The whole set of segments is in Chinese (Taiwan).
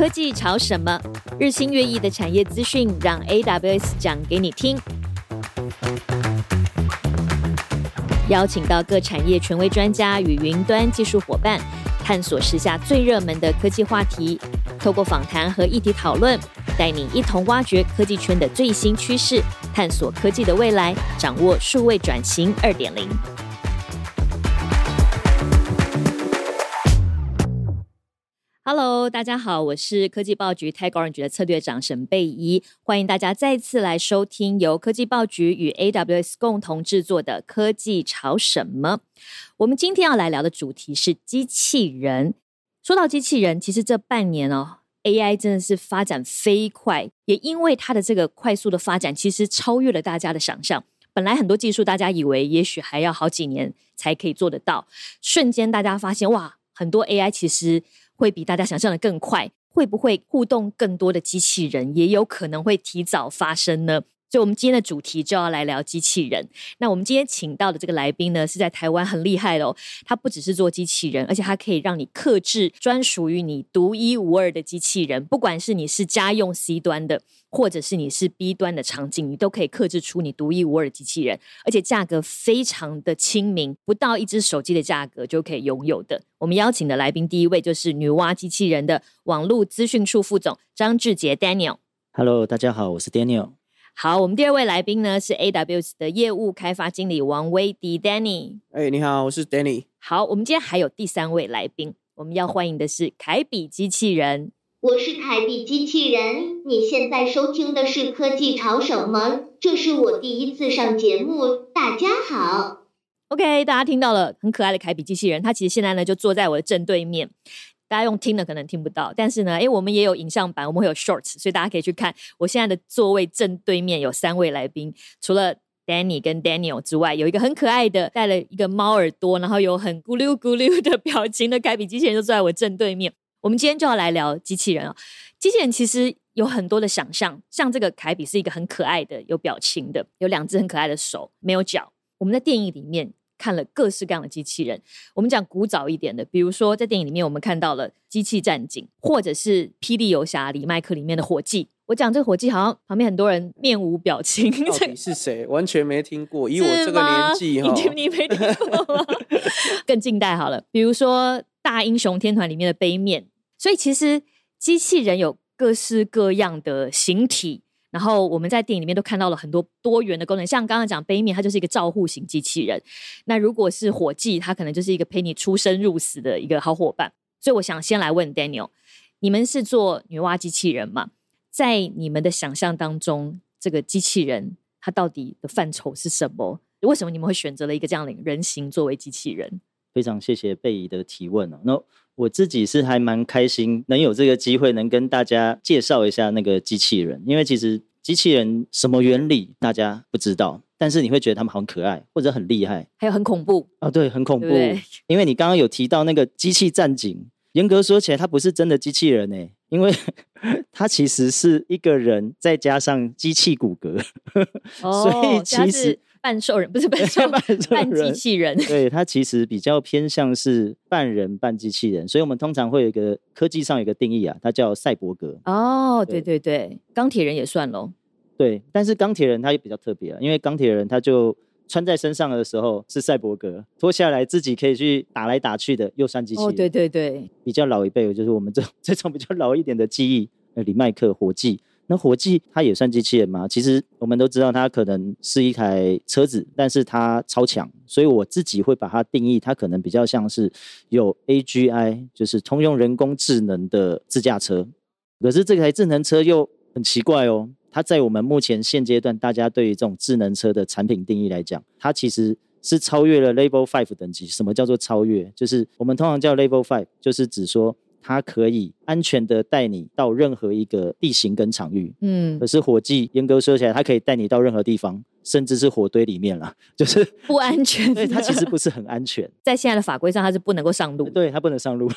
科技潮什麼？日新月異的產業資訊，讓 AWS 講給你聽。邀請到各產業權威專家與雲端技術夥伴，探索時下最熱門的科技話題，透過訪談和議題討論，帶你一同挖掘科技圈的最新趨勢，探索科技的未來，掌握數位轉型二點零。Hello，大家好，我是科技報局 Tech Orange 的策略長沈貝怡，歡迎大家再次來收聽由科技報局與 AWS 共同製作的《科技潮什麼》。我們今天要來聊的主題是機器人。說到機器人，其實這半年、哦、AI 真的是發展飛快，也因為它的這個快速的發展，其實超越了大家的想象。本來很多技術，大家以為也許還要好幾年才可以做得到，瞬間大家發現，哇，很多 AI 其實。會比大家想象的更快，會不會互動更多的機器人，也有可能會提早發生呢？所以，我們今天的主題就要來聊機器人。那我們今天請到的這個來賓呢，是在台灣很厲害的哦。他不只是做機器人，而且他可以讓你客製專屬於你獨一無二的機器人。不管是你是家用 C 端的，或者是你是 B 端的場景，你都可以客製出你獨一無二的機器人，而且價格非常的親民，不到一只手機的價格就可以擁有的。我們邀請的來賓第一位就是女媧機器人的網絡資訊處副總張智傑 Daniel。Hello，大家好，我是 Daniel。好，我們第二位來賓呢是 A W S 的業務開發經理王威迪 Danny。Hey, 你好，我是 Danny。好，我們今天還有第三位來賓，我們要歡迎的是凱比機器人。我是凱比機器人，你現在收聽的是科技潮什麼，這是我第一次上節目，大家好。OK，大家聽到了，很可愛的凱比機器人，他其實現在呢就坐在我的正對面。大家用聽的可能聽不到，但是呢，因為、欸、我們也有影像版，我們會有 shorts，所以大家可以去看。我現在的座位正對面有三位來賓，除了 Danny 跟 Daniel 之外，有一個很可愛的，戴了一個貓耳朵，然後有很咕嚕咕嚕的表情的凱比機器人，就坐在我正對面。我們今天就要來聊機器人啊、哦！機器人其實有很多的想象，像這個凱比是一個很可愛的、有表情的、有兩隻很可愛的手，沒有腳。我們在電影裡面，看了各式各樣的機器人，我們講古早一點的，比如說在電影裡面我們看到了《機器戰警》，或者是《霹靂遊俠》李麥克裡面的夥計。我講這個夥計，好像旁邊很多人面無表情。到底你是誰？完全沒聽過。是嗎？齁你你沒聽過嗎？ 更近代好了，比如說《大英雄天團》裡面的杯面。所以其實機器人有各式各樣的形體。然後我們在電影裡面都看到了很多多元的功能，像剛剛講杯麵它就是一個照護型機器人；那如果是火計，它可能就是一個陪你出生入死的一個好夥伴。所以我想先來問 Daniel，你們是做女媧機器人嗎？在你們的想象當中，這個機器人它到底的範疇是什麼？為什麼你們會選擇了一個這樣的人形作為機器人？非常謝謝貝姨的提問、啊 no. 我自己是還蠻開心，能有這個機會能跟大家介紹一下那個機器人，因為其實機器人什麼原理大家不知道，但是你會覺得他們很可愛，或者很厲害，還有很恐怖啊，對，很恐怖。對對，因為你剛剛有提到那個機器戰警，嚴格說起來它不是真的機器人誒、欸，因為它其實是一個人再加上機器骨骼，哦、 所以其實。半獸人不是半獸半人，半 機器人。 器對，它其實比較偏向是半人半機器人，所以我們通常會有一個科技上有一個定義啊，它叫賽博格。哦，對對對，鋼鐵人也算嘍。對，但是鋼鐵人它也比較特別啊，因為鋼鐵人他就穿在身上的時候是賽博格，脫下來自己可以去打來打去的又算機器人。哦，對對對，比較老一輩，就是我們這這種比較老一點的記憶，呃，李麥克、夥計。那火計它也算機器人嗎？其實我們都知道它可能是一台車子，但是它超強，所以我自己會把它定義，它可能比較像是有 AGI，就是通用人工智能的自駕車。可是這台智能車又很奇怪哦，它在我們目前現階段大家對於這種智能車的產品定義來講，它其實是超越了 Level Five 等級。什麼叫做超越？就是我們通常叫 Level Five，就是指說。它可以安全的帶你到任何一個地形跟場域，嗯，可是火機嚴格說起來，它可以帶你到任何地方，甚至是火堆裡面啦，就是不安全，對，它其實不是很安全。在現在的法規上，它是不能夠上路，對，它不能上路。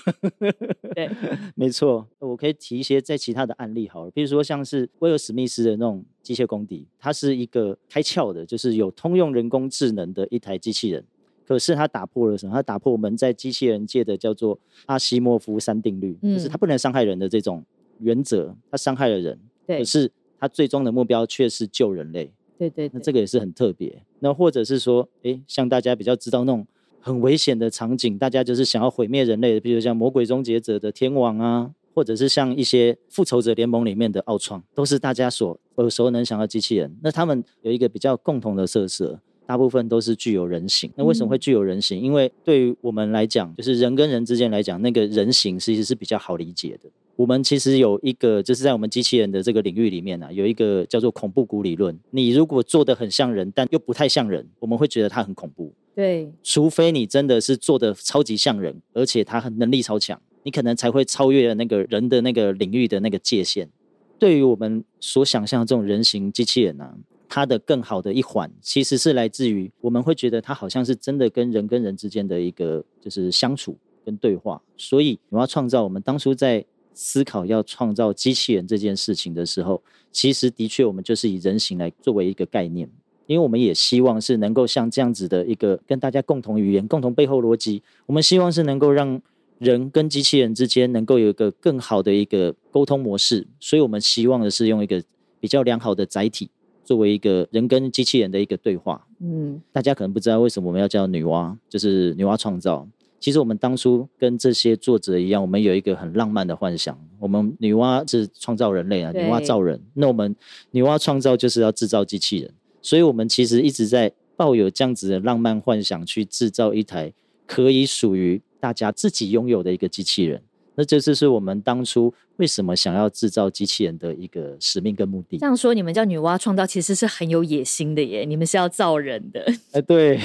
對，沒錯，我可以提一些在其他的案例好了，好，比如說像是威爾史密斯的那種機械公敵，它是一個開竅的，就是有通用人工智能的一台機器人。可是它打破了什麼？它打破我們在機器人界的叫做阿西莫夫三定律，嗯、就是它不能傷害人的這種原則。它傷害了人，對可是它最終的目標卻是救人類。對,對對，那這個也是很特別。那或者是說、欸，像大家比較知道那種很危險的場景，大家就是想要毀滅人類的，比如像《魔鬼終結者》的天網啊，或者是像一些《復仇者聯盟》裡面的奧創，都是大家所耳熟能詳的機器人。那他們有一個比較共同的特色,色。大部分都是具有人形，那為什麼會具有人形？嗯、因為對於我們來講，就是人跟人之間來講，那個人形其實是比較好理解的。我們其實有一個就是在我們機器人的這個領域裡面啊，有一個叫做恐怖谷理論。你如果做得很像人，但又不太像人，我們會覺得它很恐怖。對，除非你真的是做得超級像人，而且它能力超強，你可能才會超越那個人的那個領域的那個界限。對於我們所想象的這種人形機器人呢、啊？它的更好的一環，其實是來自於我們會覺得它好像是真的跟人跟人之間的一個就是相處跟對話，所以我要創造。我們當初在思考要創造機器人這件事情的時候，其實的確我們就是以人形來作為一個概念，因為我們也希望是能夠像這樣子的一個跟大家共同語言、共同背後邏輯，我們希望是能夠讓人跟機器人之間能夠有一個更好的一個溝通模式，所以我們希望的是用一個比較良好的載體。作為一個人跟機器人的一個對話，嗯，大家可能不知道為什麼我們要叫女媧，就是女媧創造。其實我們當初跟這些作者一樣，我們有一個很浪漫的幻想，我們女媧是創造人類啊，對女媧造人。那我們女媧創造就是要製造機器人，所以我們其實一直在抱有這樣子的浪漫幻想，去製造一台可以屬於大家自己擁有的一個機器人。那這就是我們當初為什麼想要制造機器人的一個使命跟目的。這樣說，你們叫女媧創造，其實是很有野心的耶！你們是要造人的。哎，欸、對。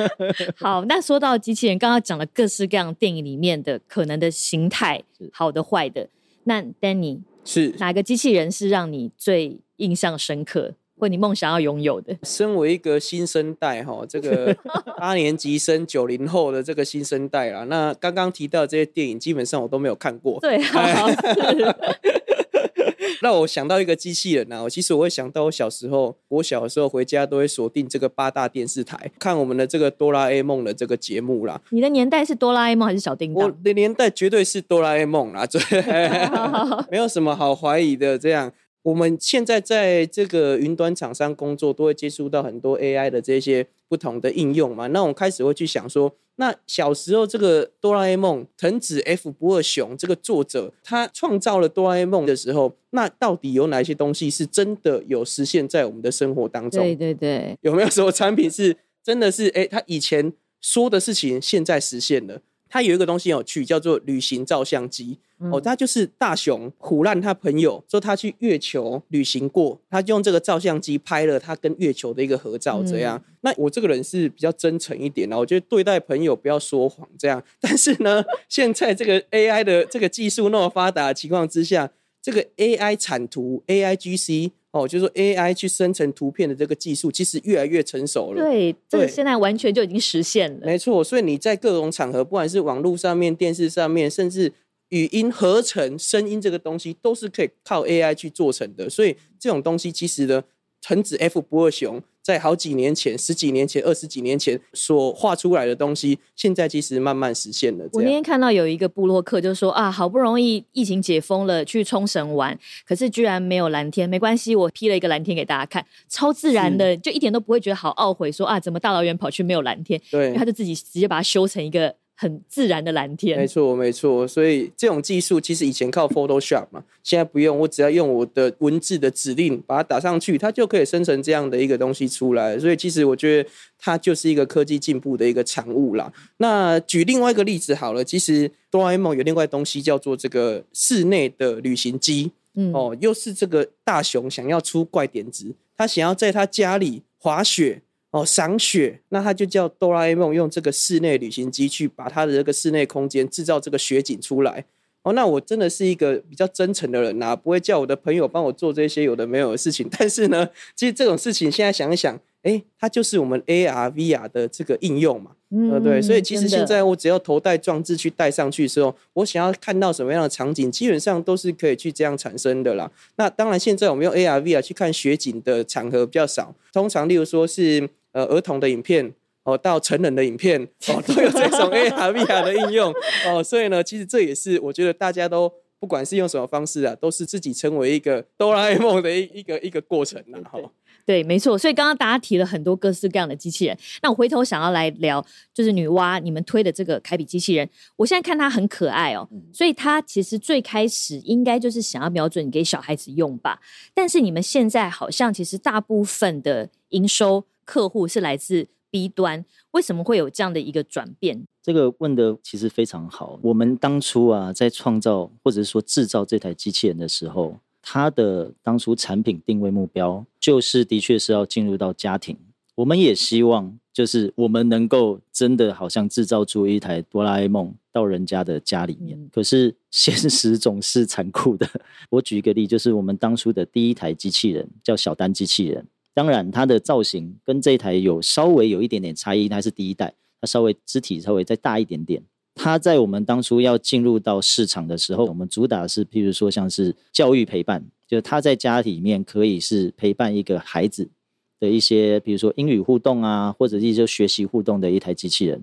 好，那說到機器人，剛剛講了各式各樣電影裡面的可能的形態，是好的、壞的。那 Danny 是哪個機器人是讓你最印象深刻？或你夢想要擁有的。身為一個新生代哈，這個 八年級生九零後的這個新生代啦。那剛剛提到這些電影，基本上我都沒有看過。對，好，是。 那我想到一個機器人啊，我其實我會想到我小時候，我小時候回家都會鎖定這個八大電視台看我們的這個哆啦 A 夢的這個節目啦。你的年代是哆啦 A 夢還是小叮噹？我的年代絕對是哆啦 A 夢啦，沒有什麼好懷疑的這樣。我們現在在這個雲端廠商工作，都會接觸到很多 AI 的這些不同的應用嘛。那我們開始會去想說，那小時候這個哆啦 A 夢、藤子 F 不二雄這個作者，他創造了哆啦 A 夢的時候，那到底有哪些東西是真的有實現在我們的生活當中？對對對，有沒有什麼產品是真的是哎，他以前說的事情，現在實現了？他有一個東西有趣，叫做旅行照相機、嗯、哦。他就是大雄唬爛他朋友，說他去月球旅行過，他就用這個照相機拍了他跟月球的一個合照。這樣，嗯、那我這個人是比較真誠一點的，我覺得對待朋友不要說謊。這樣，但是呢，現在這個 AI 的 這個技術那麼發達的情況之下，這個 AI 產圖 AI GC。哦，就是說 AI 去生成圖片的這個技術，其實越來越成熟了。對，這個對現在完全就已經實現了。沒錯，所以你在各種場合，不管是網絡上面、電視上面，甚至語音合成聲音這個東西，都是可以靠 AI 去做成的。所以這種東西其實呢，藤子 F 不二雄。在好幾年前、十幾年前、二十幾年前所畫出來的東西，現在其實慢慢實現了。我那天看到有一個部落客就說啊，好不容易疫情解封了，去沖繩玩，可是居然沒有藍天。沒關係，我 P 了一個藍天給大家看，超自然的，是就一點都不會覺得好懊悔說，說啊，怎麼大老遠跑去沒有藍天？對，因為他就自己直接把它修成一個。很自然的藍天，沒錯沒錯，所以這種技術其實以前靠 Photoshop 嘛，現在不用，我只要用我的文字的指令把它打上去，它就可以生成這樣的一個東西出來。所以其實我覺得它就是一個科技進步的一個產物啦。那舉另外一個例子好了，其實哆啦 A 夢有另外一個東西叫做這個室內的旅行機，嗯、哦，又是這個大雄想要出怪點子，他想要在他家裡滑雪。哦，賞雪，那他就叫哆啦 A 夢用這個室內旅行機去把他的這個室內空間製造這個雪景出來。哦，那我真的是一個比較真誠的人吶、啊，不會叫我的朋友幫我做這些有的沒有的事情。但是呢，其實這種事情現在想一想，哎、欸，它就是我們 ARVR 的這個應用嘛，嗯、呃，對，所以其實現在我只要頭戴裝置去戴上去的時候，我想要看到什麼樣的場景，基本上都是可以去這樣產生的啦。那當然，現在我們用 ARVR 去看雪景的場合比較少，通常例如說是。呃，兒童的影片哦、呃，到成人的影片哦、呃，都有這種 AR VR 的應用哦、 呃，所以呢，其實這也是我覺得大家都不管是用什麼方式啊，都是自己成為一個哆啦 A 夢的一 一個一個過程呢、啊，哈、哦。對，沒錯。所以剛剛大家提了很多各式各樣的機器人，那我回頭想要來聊，就是女媧你們推的這個凱比機器人，我現在看它很可愛哦，嗯、所以它其實最開始應該就是想要瞄準給小孩子用吧。但是你們現在好像其實大部分的營收，客戶是來自 B 端，為什麼會有這樣的一個轉變？這個問得其實非常好。我們當初啊，在創造或者是說製造這台機器人的時候，它的當初產品定位目標就是，的確是要進入到家庭。我們也希望，就是我們能夠真的好像製造出一台哆啦 A 夢到人家的家裡面。嗯、可是現實總是殘酷的。 我舉一個例，就是我們當初的第一台機器人叫小丹機器人。當然，它的造型跟這一台有稍微有一點點差異，它是第一代，它稍微肢體稍微再大一點點。它在我們當初要進入到市場的時候，我們主打是，譬如說像是教育陪伴，就是它在家裡面可以是陪伴一個孩子的一些，比如說英語互動啊，或者一些學習互動的一台機器人。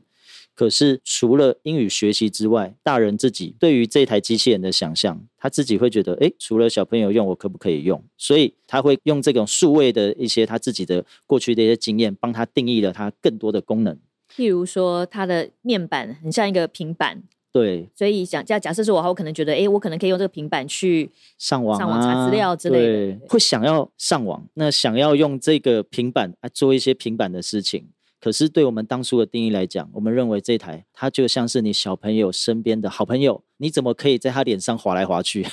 可是除了英語學習之外，大人自己對於這台機器人的想象，他自己會覺得，哎，除了小朋友用，我可不可以用？所以他會用這種數位的一些他自己的過去的一些經驗，幫他定義了他更多的功能。例如說，它的面板很像一個平板，對。所以假假設是我我可能覺得，哎，我可能可以用這個平板去上網、上網查資料之類的，啊對，會想要上網，那想要用這個平板來、啊、做一些平板的事情。可是，對我們當初的定義來講，我們認為這台它就像是你小朋友身邊的好朋友，你怎麼可以在他臉上劃來劃去？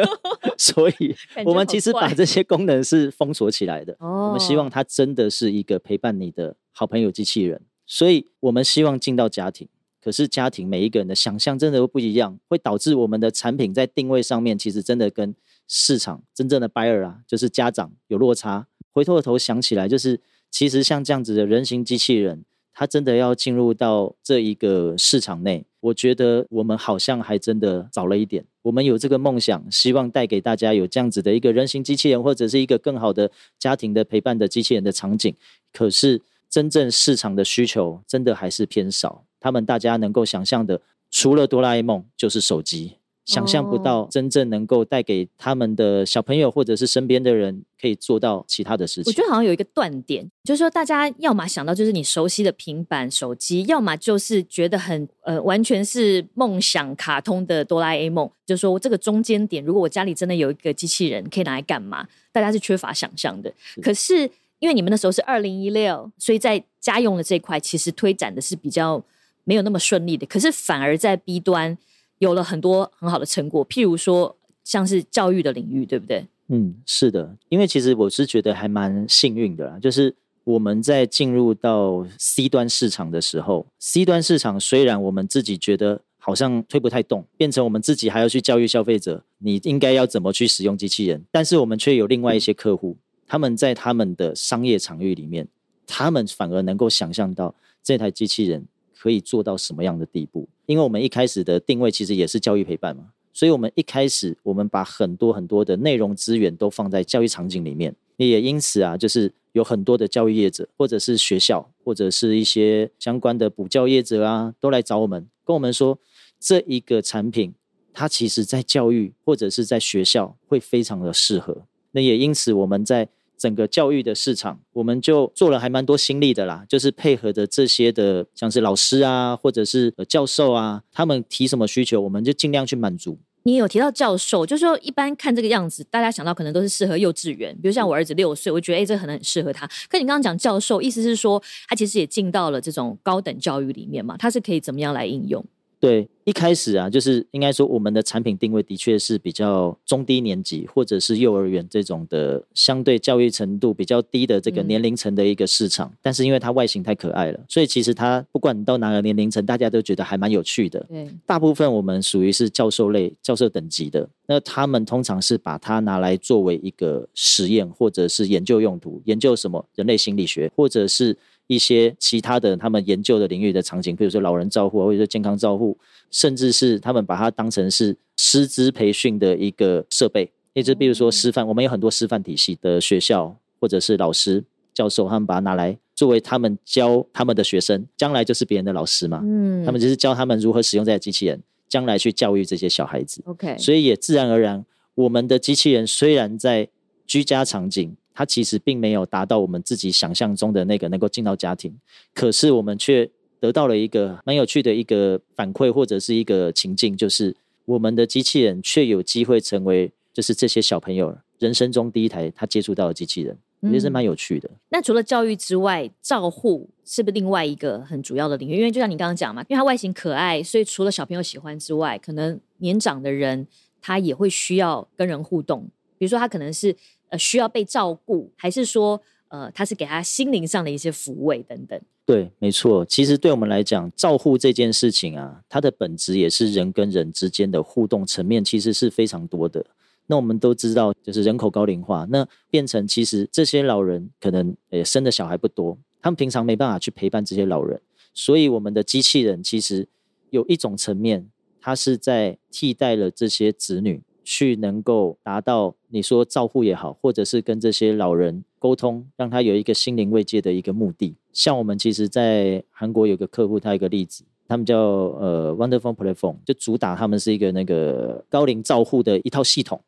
所以，我們其實把這些功能是封鎖起來的。我們希望它真的是一個陪伴你的好朋友機器人。所以我們希望進到家庭，可是家庭每一個人的想象真的都不一樣，會導致我們的產品在定位上面其實真的跟市場真正的 buyer 啊，就是家長有落差。回頭的頭想起來就是。其實像這樣子的人形機器人，它真的要進入到這一個市場內，我覺得我們好像還真的早了一點。我們有這個夢想，希望帶給大家有這樣子的一個人形機器人，或者是一個更好的家庭的陪伴的機器人的場景。可是真正市場的需求真的還是偏少。他們大家能夠想象的，除了哆啦 A 夢，就是手機。想象不到真正能夠帶給他們的小朋友，或者是身邊的人，可以做到其他的事情。Oh, 我覺得好像有一個斷點，就是說大家要麼想到就是你熟悉的平板手機，要麼就是覺得很呃完全是夢想卡通的哆啦 A 夢。就是說我這個中間點，如果我家裡真的有一個機器人，可以拿來幹嘛？大家是缺乏想象的。可是因為你們那時候是二零一六，所以在家用的這塊其實推展的是比較沒有那麼順利的。可是反而在 B 端。有了很多很好的成果，譬如說像是教育的領域，對不對？嗯，是的，因為其實我是覺得還蠻幸運的啦，就是我們在進入到 C 端市場的時候，C 端市場雖然我們自己覺得好像推不太動，變成我們自己還要去教育消費者，你應該要怎麼去使用機器人，但是我們卻有另外一些客戶，他們在他們的商業場域裡面，他們反而能夠想象到這台機器人。可以做到什麼樣的地步？因為我們一開始的定位其實也是教育陪伴嘛，所以我們一開始我們把很多很多的內容資源都放在教育場景裡面。那也因此啊，就是有很多的教育業者，或者是學校，或者是一些相關的補教業者啊，都來找我們，跟我們說這一個產品它其實在教育或者是在學校會非常的適合。那也因此我們在。整個教育的市場，我們就做了還蠻多心力的啦，就是配合着這些的，像是老師啊，或者是教授啊，他們提什麼需求，我們就盡量去滿足。你有提到教授，就是說一般看這個樣子，大家想到可能都是適合幼稚園，比如像我兒子六歲，我覺得誒、欸，這可能很，很適合他。可你剛剛講教授，意思是說他其實也進到了這種高等教育裡面嘛？他是可以怎麼樣來應用？對，一開始啊，就是應該說我們的產品定位的確是比較中低年級或者是幼兒園這種的相對教育程度比較低的這個年齡層的一個市場。嗯。但是因為它外形太可愛了，所以其實它不管你到哪個年齡層，大家都覺得還蠻有趣的。對大部分我們屬於是教授類、教授等級的，那他們通常是把它拿來作為一個實驗或者是研究用途，研究什麼人類心理學或者是。一些其他的他們研究的領域的場景，比如說老人照護啊，或者說健康照護，甚至是他們把它當成是師資培訓的一個設備。也就比如說師範，Okay. 我們有很多師範體系的學校或者是老師教授，他們把它拿來作為他們教他們的學生，將來就是別人的老師嘛。嗯，他們就是教他們如何使用這些機器人，將來去教育這些小孩子。OK，所以也自然而然，我們的機器人雖然在居家場景。他其實並沒有達到我們自己想象中的那個能夠進到家庭，可是我們卻得到了一個蠻有趣的一個反饋或者是一個情境，就是我們的機器人卻有機會成為就是這些小朋友人生中第一台他接觸到的機器人，也是蠻有趣的。嗯、那除了教育之外，照護是不是另外一個很主要的領域？因為就像你剛剛講嘛，因為它外形可愛，所以除了小朋友喜歡之外，可能年長的人他也會需要跟人互動，比如說他可能是。呃，需要被照顧，還是說，呃，他是給他心靈上的一些撫慰等等？對，沒錯。其實對我們來講，照護這件事情啊，它的本質也是人跟人之間的互動層面，其實是非常多的。那我們都知道，就是人口高齡化，那變成其實這些老人可能呃，生的小孩不多，他們平常沒辦法去陪伴這些老人，所以我們的機器人其實有一種層面，它是在替代了這些子女。去能夠達到你說照護也好，或者是跟這些老人溝通，讓他有一個心靈慰藉的一個目的。像我們其實，在韓國有個客戶，他有一個例子，他們叫呃 Wonderful Platform，就主打他們是一個那個高齡照護的一套系統。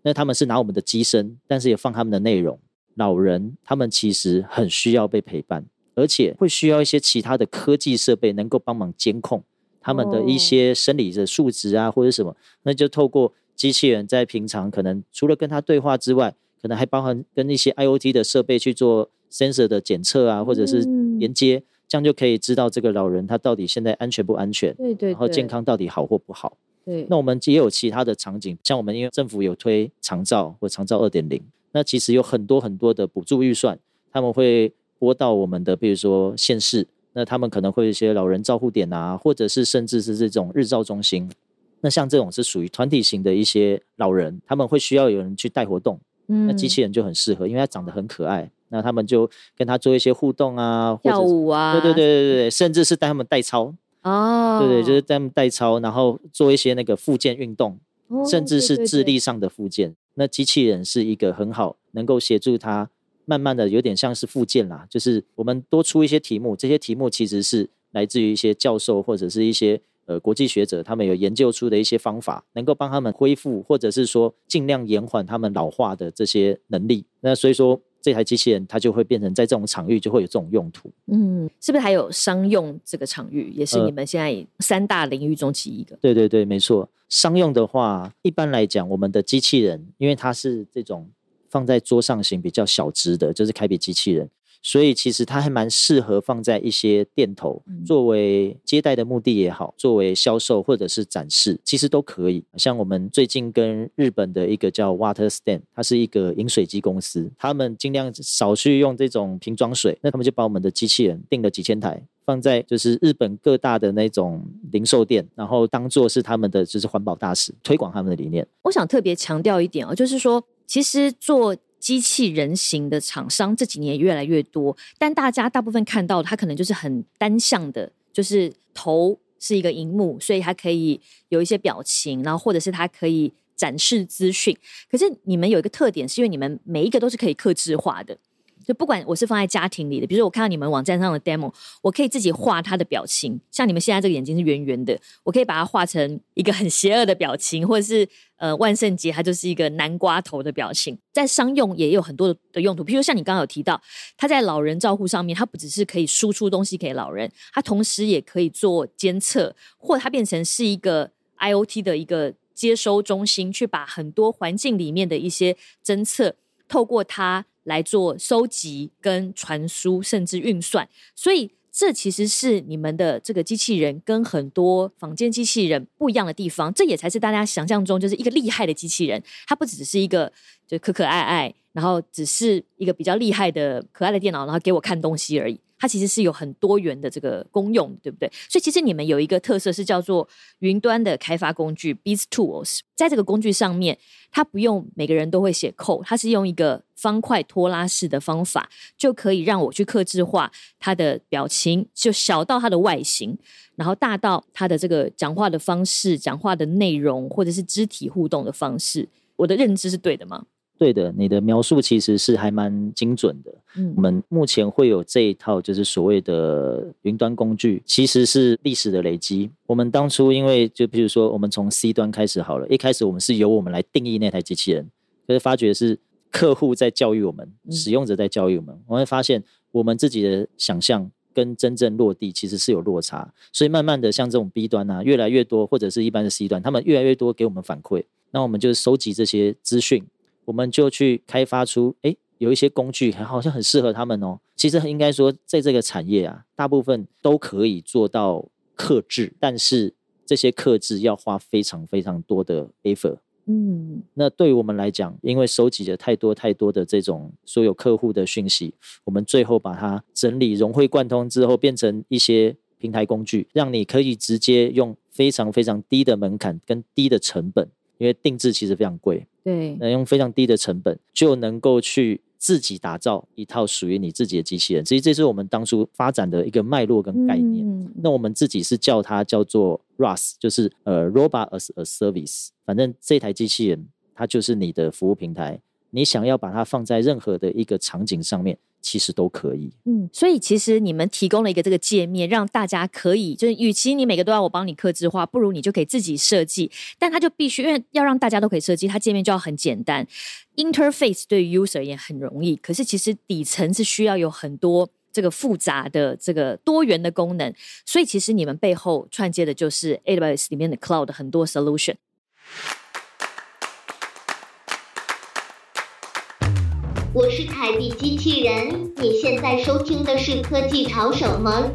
那他們是拿我們的機身，但是也放他們的內容。老人他們其實很需要被陪伴，而且會需要一些其他的科技設備能夠幫忙監控他們的一些生理的數值啊，哦、或者什麼，那就透過。機器人在平常可能除了跟他對話之外，可能還包含跟一些 IoT 的設備去做 sensor 的檢測啊，嗯、或者是連接，這樣就可以知道這個老人他到底現在安全不安全，對，對對，然後健康到底好或不好。對，那我們也有其他的場景，像我們因為政府有推長照或長照二點零，那其實有很多很多的補助預算，他們會撥到我們的，比如說縣市，那他們可能會有一些老人照護點啊，或者是甚至是這種日照中心。那像這種是屬於團體型的一些老人，他們會需要有人去帶活動，嗯、那機器人就很適合，因為它長得很可愛，那他們就跟他做一些互動啊，跳舞啊或者，對對對對對，甚至是帶他們帶操，哦，對，對對，就是帶他們帶操，然後做一些那個復健運動，哦、甚至是智力上的復健，哦、對對對，那機器人是一個很好能夠協助他慢慢的有點像是復健啦，就是我們多出一些題目，這些題目其實是來自於一些教授或者是一些。呃，國際學者他們有研究出的一些方法，能夠幫他們恢復，或者是說盡量延緩他們老化的這些能力。那所以說，這台機器人它就會變成在這種場域就會有這種用途。嗯，是不是還有商用這個場域，也是你們現在三大領域中其中一個？呃，對對對，沒錯。商用的話，一般來講，我們的機器人因為它是這種放在桌上型比較小隻的，就是凱比機器人。所以其實它還蠻適合放在一些店頭，嗯、作為接待的目的也好，作為銷售或者是展示，其實都可以。像我們最近跟日本的一個叫 Water Stand，它是一個飲水機公司，他們盡量少去用這種瓶裝水，那他們就把我們的機器人訂了幾千台，放在就是日本各大的那種零售店，然後當做是他們的就是環保大使，推廣他們的理念。我想特別強調一點哦，就是說其實做。機器人型的廠商這幾年越來越多，但大家大部分看到它可能就是很單向的，就是頭是一個熒幕，所以它可以有一些表情，然後或者是它可以展示資訊。可是你們有一個特點，是因為你們每一個都是可以客制化的。就不管我是放在家庭裡的，比如說我看到你們網站上的 demo，我可以自己畫它的表情。像你們現在這個眼睛是圓圓的，我可以把它畫成一個很邪惡的表情，或者是呃萬聖節它就是一個南瓜頭的表情。在商用也有很多的用途，比如說像你剛剛有提到，它在老人照護上面，它不只是可以輸出東西給老人，它同時也可以做監測，或它變成是一個 IOT 的一個接收中心，去把很多環境裡面的一些偵測透過它。來做收集、跟傳輸，甚至運算。所以，這其實是你們的這個機器人跟很多坊間機器人不一樣的地方。這也才是大家想象中就是一個厲害的機器人，它不只是一個就可可愛愛，然後只是一個比較厲害的可愛的電腦，然後給我看東西而已。它其實是有很多元的這個功用，對不對？所以其實你們有一個特色是叫做雲端的開發工具，Beast Tools。在這個工具上面，它不用每個人都會寫 code，它是用一個方塊拖拉式的方法，就可以讓我去客製化它的表情，就小到它的外形，然後大到它的這個講話的方式、講話的內容，或者是肢體互動的方式。我的認知是對的嗎？對的，你的描述其實是還蠻精準的。嗯、我們目前會有這一套，就是所謂的雲端工具，其實是歷史的累積。我們當初因為就比如說，我們從 C 端開始好了，一開始我們是由我們來定義那台機器人，可是發覺是客戶在教育我們，嗯、使用者在教育我們。我們會發現我們自己的想象跟真正落地其實是有落差，所以慢慢的像這種 B 端啊，越來越多或者是一般的 C 端，他們越來越多給我們反饋，那我們就收集這些資訊。我們就去開發出，哎，有一些工具好像很適合他們哦。其實應該說，在這個產業啊，大部分都可以做到客製，但是這些客製要花非常非常多的 effort。嗯，那對於我們來講，因為收集了太多太多的這種所有客戶的訊息，我們最後把它整理融會貫通之後，變成一些平台工具，讓你可以直接用非常非常低的門檻跟低的成本。因為定製其實非常貴，對，那用非常低的成本就能夠去自己打造一套屬於你自己的機器人，其實這是我們當初發展的一個脈絡跟概念。嗯，那我們自己是叫它叫做 RaaS，就是呃 Robot as a Service，反正這台機器人它就是你的服務平台，你想要把它放在任何的一個場景上面。其實都可以。嗯，所以其實你們提供了一個這個界面，讓大家可以，就是與其你每個都要我幫你客製化，不如你就可以自己設計。但它就必須因為要讓大家都可以設計，它界面就要很簡單。Interface 對於 user 也很容易，可是其實底層是需要有很多這個複雜的這個多元的功能。所以其實你們背後串接的就是 AWS 裡面的 Cloud 很多 solution。我是凱比機器人，你現在收聽的是《科技潮什麼》。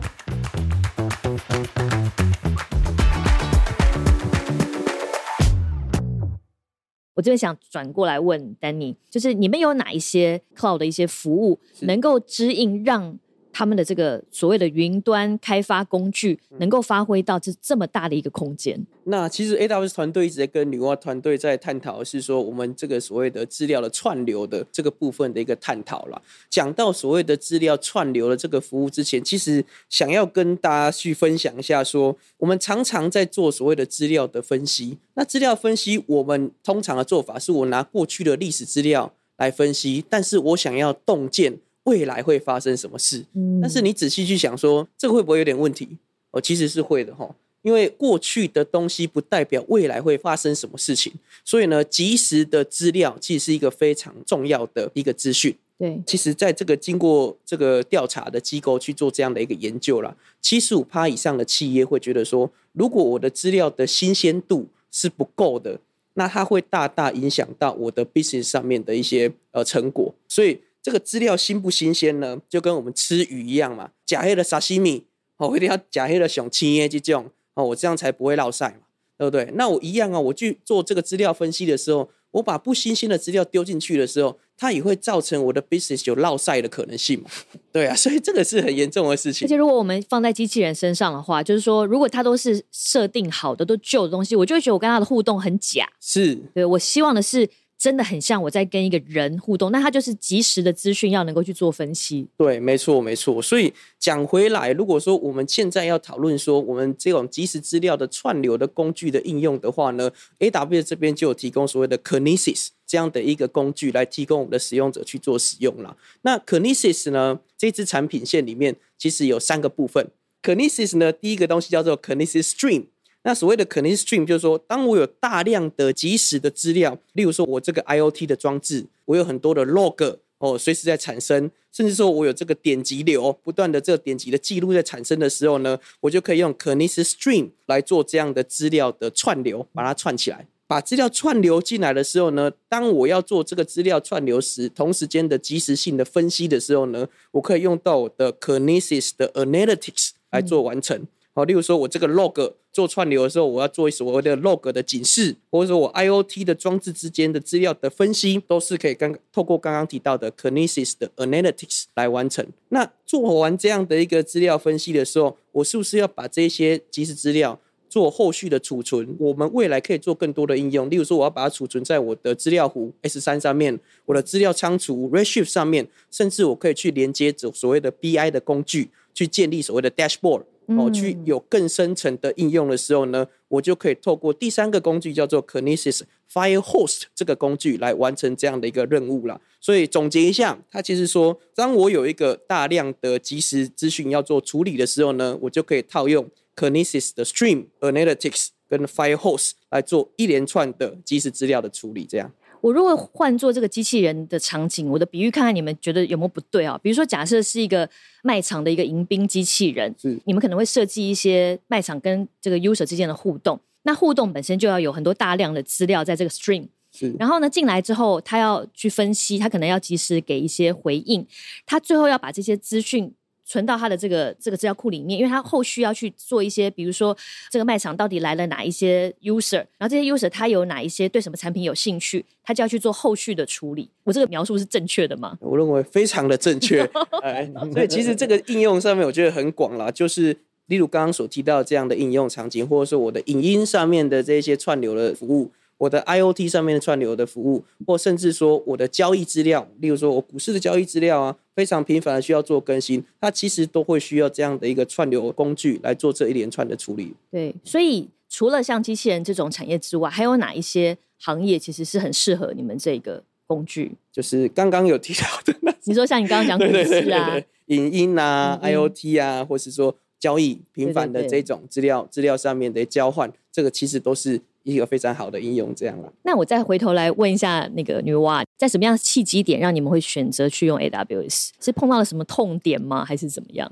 我這邊想轉過來問丹尼，就是你們有哪一些 Cloud 的一些服務能夠指引讓他們的這個所謂的雲端開發工具能夠發揮到這這麼大的一個空間。嗯，那其實 AWS 團隊一直在跟女媧團隊在探討，是說我們這個所謂的資料的串流的這個部分的一個探討了。講到所謂的資料串流的這個服務之前，其實想要跟大家去分享一下說，說我們常常在做所謂的資料的分析。那資料分析，我們通常的做法是我拿過去的歷史資料來分析，但是我想要洞見。未來會發生什麼事？嗯、但是你仔細去想說，說這個會不會有點問題？哦，其實是會的吼、哦，因為過去的東西不代表未來會發生什麼事情。所以呢，即時的資料其實是一個非常重要的一個資訊。對，其實在這個經過這個調查的機構去做這樣的一個研究啦，七十五趴以上的企業會覺得說，如果我的資料的新鮮度是不夠的，那它會大大影響到我的 business 上面的一些呃成果。所以。這個資料新不新鮮呢？就跟我們吃魚一樣嘛，假黑的沙西米哦，我一定要假黑的熊清耶這種哦，我這樣才不會落晒嘛，對不對？那我一樣啊、哦，我去做這個資料分析的時候，我把不新鮮的資料丟進去的時候，它也會造成我的 business 有落晒的可能性嘛？對啊，所以這個是很嚴重的事情。而且如果我們放在機器人身上的話，就是說，如果它都是設定好的、都舊的東西，我就會覺得我跟它的互動很假。是，對，我希望的是。真的很像我在跟一個人互動，那它就是即時的資訊要能夠去做分析。對，沒錯，沒錯。所以講回來，如果說我們現在要討論說我們這種即時資料的串流的工具的應用的話呢，A W 這邊就有提供所謂的 Kinesis 這樣的一個工具來提供我們的使用者去做使用了。那 Kinesis 呢，這支產品線裡面其實有三個部分。Kinesis 呢，第一個東西叫做 Kinesis Stream。那所謂的 Kinesis Stream 就是說，當我有大量的即時的資料，例如說我這個 IOT 的裝置，我有很多的 log 哦，隨時在產生，甚至說我有這個點擊流不斷的這個點擊的記錄在產生的時候呢，我就可以用 Kinesis Stream 來做這樣的資料的串流，把它串起來。把資料串流進來的時候呢，當我要做這個資料串流時，同時間的即時性的分析的時候呢，我可以用到我的 Kinesis 的 Analytics 來做完成。好、嗯哦，例如說我這個 log。做串流的時候，我要做所謂的 log 的警示，或者說我 I O T 的裝置之間的資料的分析，都是可以剛透過剛剛提到的 Kinesis 的 Analytics 來完成。那做完這樣的一個資料分析的時候，我是不是要把這些即時資料做後續的儲存？我們未來可以做更多的應用，例如說我要把它儲存在我的資料湖 S 三上面，我的資料倉儲 r e s h i f t 上面，甚至我可以去連接所，所謂的 B I 的工具，去建立所謂的 Dashboard。我、哦、去有更深層的應用的時候呢，我就可以透過第三個工具叫做 Kinesis Firehose 這個工具來完成這樣的一個任務了。所以總結一下，它其實說，當我有一個大量的即時資訊要做處理的時候呢，我就可以套用 Kinesis 的 Stream Analytics 跟 Firehose 來做一連串的即時資料的處理，這樣。我如果換做這個機器人的場景，我的比喻看看你們覺得有沒有不對啊？比如說，假設是一個賣場的一個迎賓機器人，是你們可能會設計一些賣場跟這個 user 之間的互動。那互動本身就要有很多大量的資料在這個 stream。是然後呢，進來之後，他要去分析，他可能要及時給一些回應，他最後要把這些資訊。存到他的這個這個資料庫裡面，因為他後續要去做一些，比如說這個賣場到底來了哪一些 user，然後這些 user 他有哪一些對什麼產品有興趣，他就要去做後續的處理。我這個描述是正確的嗎？我認為非常的正確。哎，對，其實這個應用上面我覺得很廣啦，就是例如剛剛所提到這樣的應用場景，或者說我的影音上面的這一些串流的服務。我的 IoT 上面的串流的服務，或甚至說我的交易資料，例如說我股市的交易資料啊，非常頻繁的需要做更新，它其實都會需要這樣的一個串流工具來做這一連串的處理。對，所以除了像機器人這種產業之外，還有哪一些行業其實是很適合你們這個工具？就是剛剛有提到的，你說像你剛剛講股市啊、影音啊、嗯嗯、IoT 啊，或是說交易頻繁的這種資料，資料上面的交換，這個其實都是。一個非常好的應用，這樣了，啊。那我再回頭來問一下，那個女媧在什麼樣的契機點讓你們會選擇去用 AWS？是碰到了什麼痛點嗎？還是怎麼樣？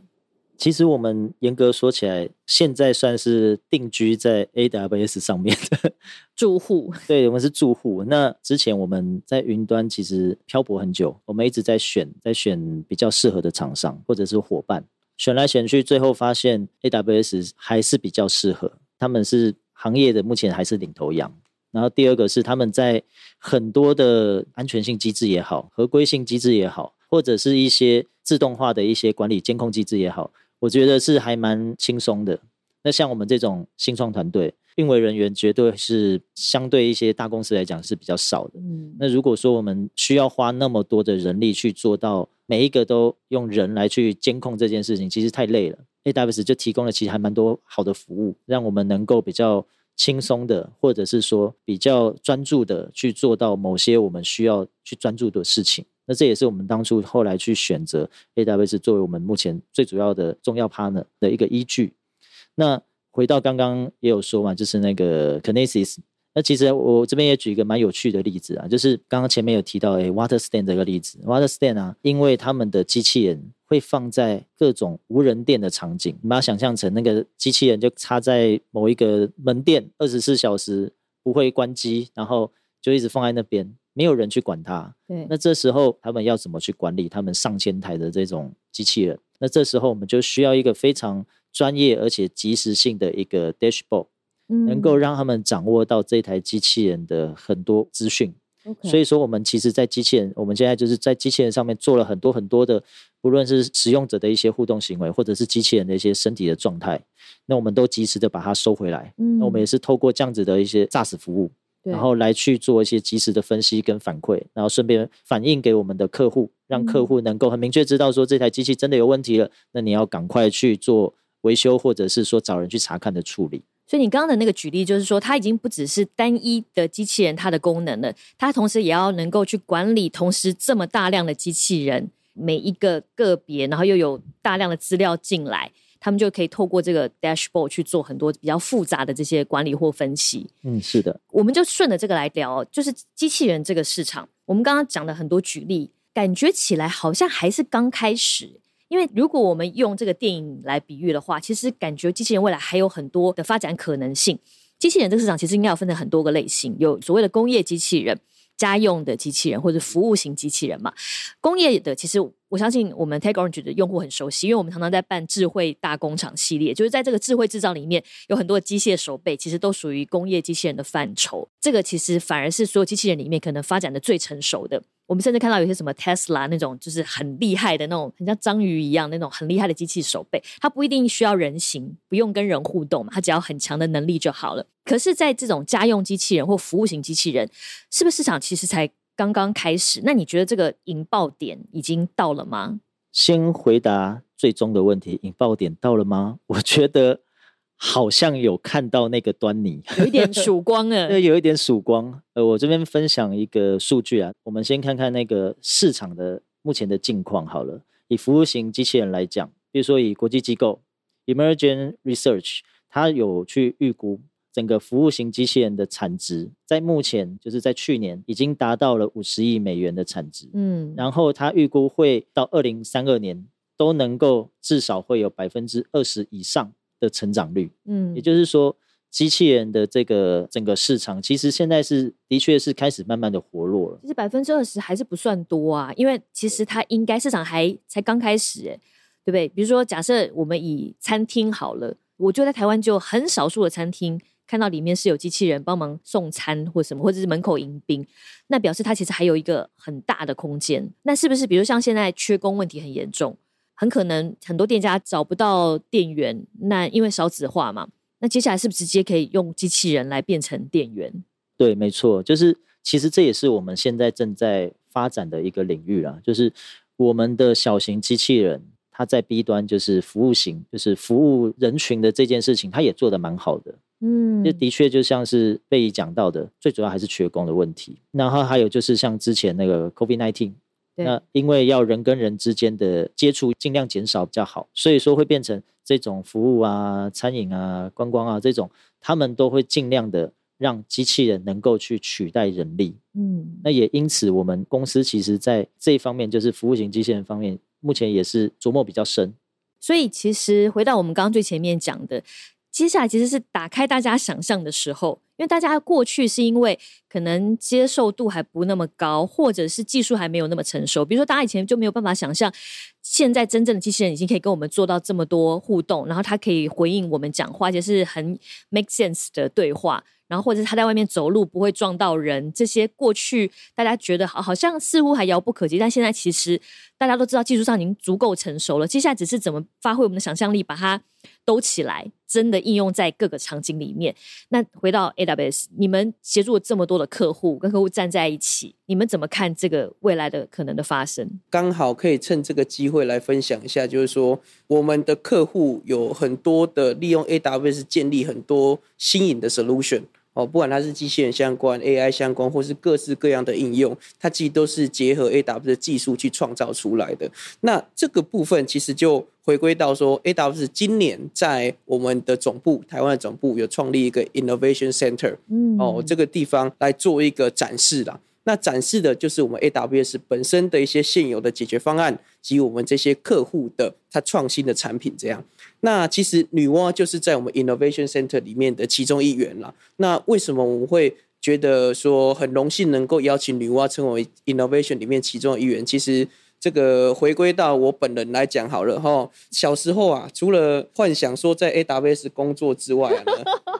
其實我們嚴格說起來，現在算是定居在 AWS 上面的 住戶。對，我們是住戶。那之前我們在雲端其實漂泊很久，我們一直在選，在選比較適合的廠商或者是夥伴，選來選去，最後發現 AWS 還是比較適合。他們是行業的目前還是領頭羊，然後第二個是他們在很多的安全性機制也好、合規性機制也好，或者是一些自動化的一些管理監控機制也好，我覺得是還蠻輕鬆的。那像我們這種新創團隊，運維人員絕對是相對一些大公司來講是比較少的。嗯，那如果說我們需要花那麼多的人力去做到每一個都用人來去監控這件事情，其實太累了。AWS 就提供了其實還蠻多好的服務，讓我們能夠比較輕鬆的，或者是說比較專注的去做到某些我們需要去專注的事情。那這也是我們當初後來去選擇 AWS 作為我們目前最主要的重要 partner 的一個依據。那回到剛剛也有說嘛，就是那個 Kinesis。那其實我這邊也舉一個蠻有趣的例子啊，就是剛剛前面有提到誒、哎、Water Stand 這個例子。Water Stand 啊，因為他們的機器人。會放在各種無人店的場景，你把它想象成那個機器人就插在某一個門店，二十四小時不會關機，然後就一直放在那邊，沒有人去管它。對，那這時候他們要怎麼去管理他們上千台的這種機器人？那這時候我們就需要一個非常專業而且及時性的一個 dashboard，嗯，能夠讓他們掌握到這台機器人的很多資訊。Okay. 所以說，我們其實，在機器人我們現在就是在機器人上面做了很多很多的。無論是使用者的一些互動行為，或者是機器人的一些身體的狀態，那我們都及時的把它收回來。嗯、那我們也是透過這樣子的一些駕駛服務，對然後來去做一些及時的分析跟反饋，然後順便反映給我們的客戶，讓客戶能夠很明確知道說這台機器真的有問題了，嗯、那你要趕快去做維修，或者是說找人去查看的處理。所以你剛剛的那個舉例就是說，它已經不只是單一的機器人它的功能了，它同時也要能夠去管理同時這麼大量的機器人。每一個個別，然後又有大量的資料進來，他們就可以透過這個 dashboard 去做很多比較複雜的這些管理或分析。嗯，是的，我們就順着這個來聊，就是機器人這個市場，我們剛剛講的很多舉例，感覺起來好像還是剛開始。因為如果我們用這個電影來比喻的話，其實感覺機器人未來還有很多的發展可能性。機器人這個市場其實應該要分成很多個類型，有所謂的工業機器人，家用的機器人或者服務型機器人嘛，工業的其實我相信我們 TechOrange 的用戶很熟悉，因為我們常常在辦智慧大工廠系列，就是在這個智慧制造裡面有很多機械手臂，其實都屬於工業機器人的範疇。這個其實反而是所有機器人裡面可能發展的最成熟的。我們甚至看到有些什麼 Tesla 那種，就是很厲害的那種，很像章魚一樣那種很厲害的機器手臂，它不一定需要人形，不用跟人互動嘛，它只要很強的能力就好了。可是，在這種家用機器人或服務型機器人，是不是市場其實才剛剛開始？那你覺得這個引爆點已經到了嗎？先回答最終的問題：引爆點到了嗎？我覺得。好像有看到那個端倪，有， 有一點曙光了。對，有一點曙光。呃，我這邊分享一個數據啊，我們先看看那個市場的目前的境況好了。以服務型機器人來講，比如說以國際機構 Emergent Research，它有去預估整個服務型機器人的產值，在目前就是在去年已經達到了五十億美元的產值。嗯，然後它預估會到二零三二年都能夠至少會有百分之二十以上。的成長率，嗯，也就是說，機器人的這個整個市場，其實現在是的確是開始慢慢的活絡了。其實百分之二十還是不算多啊，因為其實它應該市場還才剛開始欸，對不對？比如說，假設我們以餐廳好了，我就在台灣就很少數的餐廳看到裡面是有機器人幫忙送餐或什麼，或者是門口迎賓，那表示它其實還有一個很大的空間。那是不是，比如像現在缺工問題很嚴重？很可能很多店家找不到店員，那因為少子化嘛。那接下來是不是直接可以用機器人來變成店員？對，沒錯，就是其實這也是我們現在正在發展的一個領域了。就是我們的小型機器人，它在 B 端就是服務型，就是服務人群的這件事情，它也做得蠻好的。嗯，就的確就像是貝怡講到的，最主要還是缺工的問題。然後還有就是像之前那個 COVID nineteen。19，對那因為要人跟人之間的接觸儘量減少比較好，所以說會變成這種服務啊、餐飲啊、觀光啊這種，他們都會儘量的讓機器人能夠去取代人力。嗯，那也因此我們公司其實在這一方面，就是服務型機器人方面，目前也是琢磨比較深。所以其實回到我們剛剛最前面講的。接下來其實是打開大家想象的時候，因為大家過去是因為可能接受度還不那麼高，或者是技術還沒有那麼成熟。比如說，大家以前就沒有辦法想象，現在真正的機器人已經可以跟我們做到這麼多互動，然後它可以回應我們講話，而且是很 make sense 的對話，然後或者是它在外面走路不會撞到人，這些過去大家覺得好好像似乎還遙不可及，但現在其實大家都知道技術上已經足夠成熟了。接下來只是怎麼發揮我們的想象力，把它。都起來，真的應用在各個場景裡面。那回到 AWS，你們協助這麼多的客戶，跟客戶站在一起，你們怎麼看這個未來的可能的發生？剛好可以趁這個機會來分享一下，就是說我們的客戶有很多的利用 AWS 建立很多新穎的 solution。哦，不管它是機器人相關、AI 相關，或是各式各樣的應用，它其實都是結合 AWS 技術去創造出來的。那這個部分其實就回歸到說，AWS 今年在我們的總部，台灣的總部有創立一個 Innovation Center，嗯，哦，這個地方來做一個展示啦。那展示的就是我們 AWS 本身的一些現有的解決方案，及我們這些客戶的它創新的產品這樣。那其實女媧就是在我們 Innovation Center 裡面的其中一員啦。那為什麼我們會覺得說很榮幸能夠邀請女媧成為 Innovation 裡面其中一員？其實這個回歸到我本人來講好了哈，小時候啊，除了幻想說在 AWS 工作之外呢，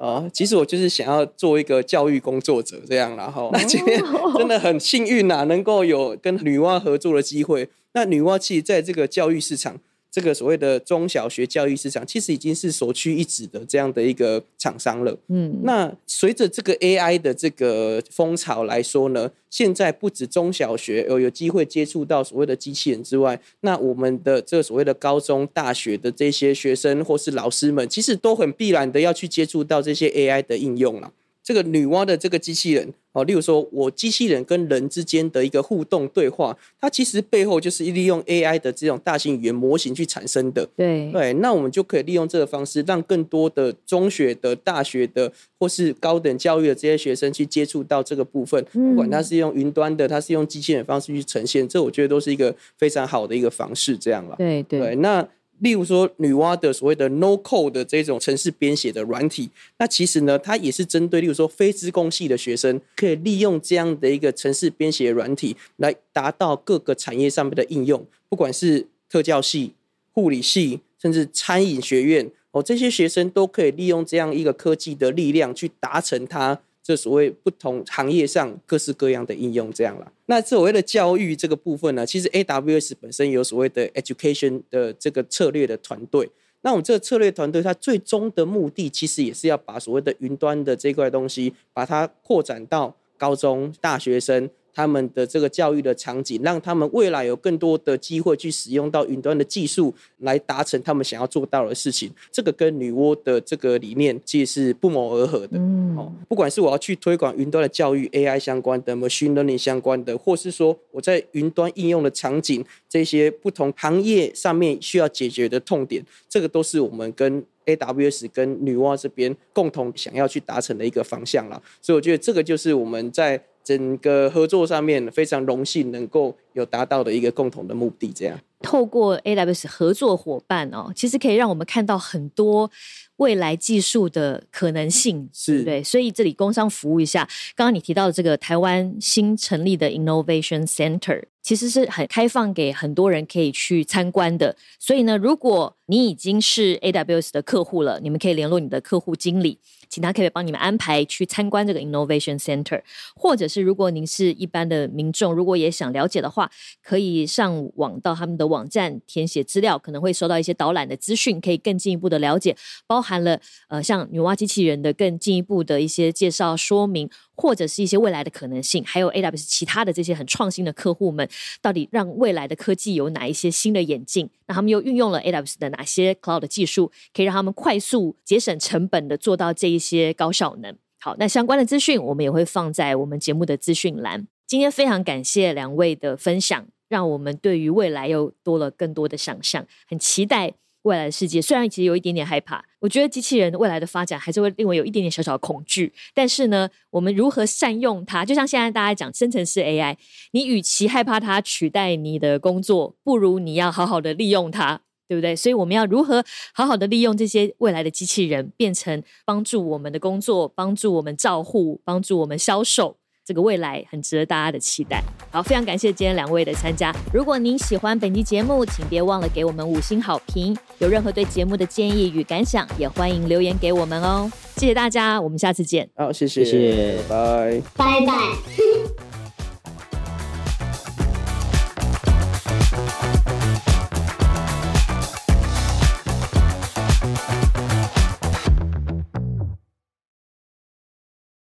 啊，其實我就是想要做一個教育工作者這樣。然後，那今天真的很幸運吶、啊，能夠有跟女媧合作的機會。那女媧其實在這個教育市場。這個所謂的中小學教育市場，其實已經是首屈一指的這樣的一個廠商了。嗯，那隨着這個 AI 的這個風潮來說呢，現在不止中小學有有機會接觸到所謂的機器人之外，那我們的這個所謂的高中、大學的這些學生或是老師們，其實都很必然的要去接觸到這些 AI 的應用了。這個女媧的這個機器人。哦，例如說我機器人跟人之間的一個互動對話，它其實背後就是利用 AI 的這種大型語言模型去產生的。對對，那我們就可以利用這個方式，讓更多的中學的、大學的或是高等教育的這些學生去接觸到這個部分。嗯，不管它是用雲端的，它是用機器人方式去呈現，這我覺得都是一個非常好的一個方式，這樣了。對對，那。例如說，女媧的所謂的 No Code 的這種程式編寫的軟體，那其實呢，它也是針對例如說非資工系的學生，可以利用這樣的一個程式編寫軟體，來達到各個產業上面的應用，不管是特教系、護理系，甚至餐飲學院，哦，這些學生都可以利用這樣一個科技的力量，去達成它。這所謂不同行業上各式各樣的應用，這樣啦。那所謂的教育這個部分呢，其實 AWS 本身有所謂的 education 的這個策略的團隊。那我們這個策略團隊，它最終的目的其實也是要把所謂的雲端的這塊東西，把它擴展到高中、大學生。他們的這個教育的場景，讓他們未來有更多的機會去使用到雲端的技術，來達成他們想要做到的事情。這個跟女媧的這個理念其實是不謀而合的。嗯，哦、不管是我要去推廣雲端的教育、AI 相關的、machine learning 相關的，或是說我在雲端應用的場景，這些不同行業上面需要解決的痛點，這個都是我們跟 AWS 跟女媧這邊共同想要去達成的一個方向啦。所以我覺得這個就是我們在。整個合作上面非常榮幸，能夠有達到的一個共同的目的，這樣。透過 AWS 合作夥伴哦，其實可以讓我們看到很多未來技術的可能性，對不對？是所以這裡工商服務一下，剛剛你提到的這個台灣新成立的 Innovation Center，其實是很開放給很多人可以去參觀的。所以呢，如果你已經是 AWS 的客戶了，你們可以聯絡你的客戶經理。請他可以幫你們安排去參觀這個 Innovation Center，或者是如果您是一般的民眾，如果也想了解的話，可以上網到他們的網站填寫資料，可能會收到一些導覽的資訊，可以更進一步的了解，包含了呃像女媧機器人的更進一步的一些介紹說明。或者是一些未來的可能性，還有 AWS 其他的這些很創新的客戶們，到底讓未來的科技有哪一些新的演進？那他們又運用了 AWS 的哪些 Cloud 技術，可以讓他們快速節省成本的做到這一些高效能？好，那相關的資訊我們也會放在我們節目的資訊欄。今天非常感謝兩位的分享，讓我們對於未來又多了更多的想象，很期待，未來的世界雖然其實有一點點害怕，我覺得機器人未來的發展還是會令我有一點點小小恐懼。但是呢，我們如何善用它？就像現在大家講生成式 AI，你與其害怕它取代你的工作，不如你要好好的利用它，對不對？所以我們要如何好好的利用這些未來的機器人，變成幫助我們的工作，幫助我們照護，幫助我們銷售。這個未來很值得大家的期待。好，非常感謝今天兩位的參加。如果您喜歡本期節目，請別忘了給我們五星好評。有任何對節目的建議與感想，也歡迎留言給我們哦。謝謝大家，我們下次見。好，謝謝，謝謝，拜拜，拜拜。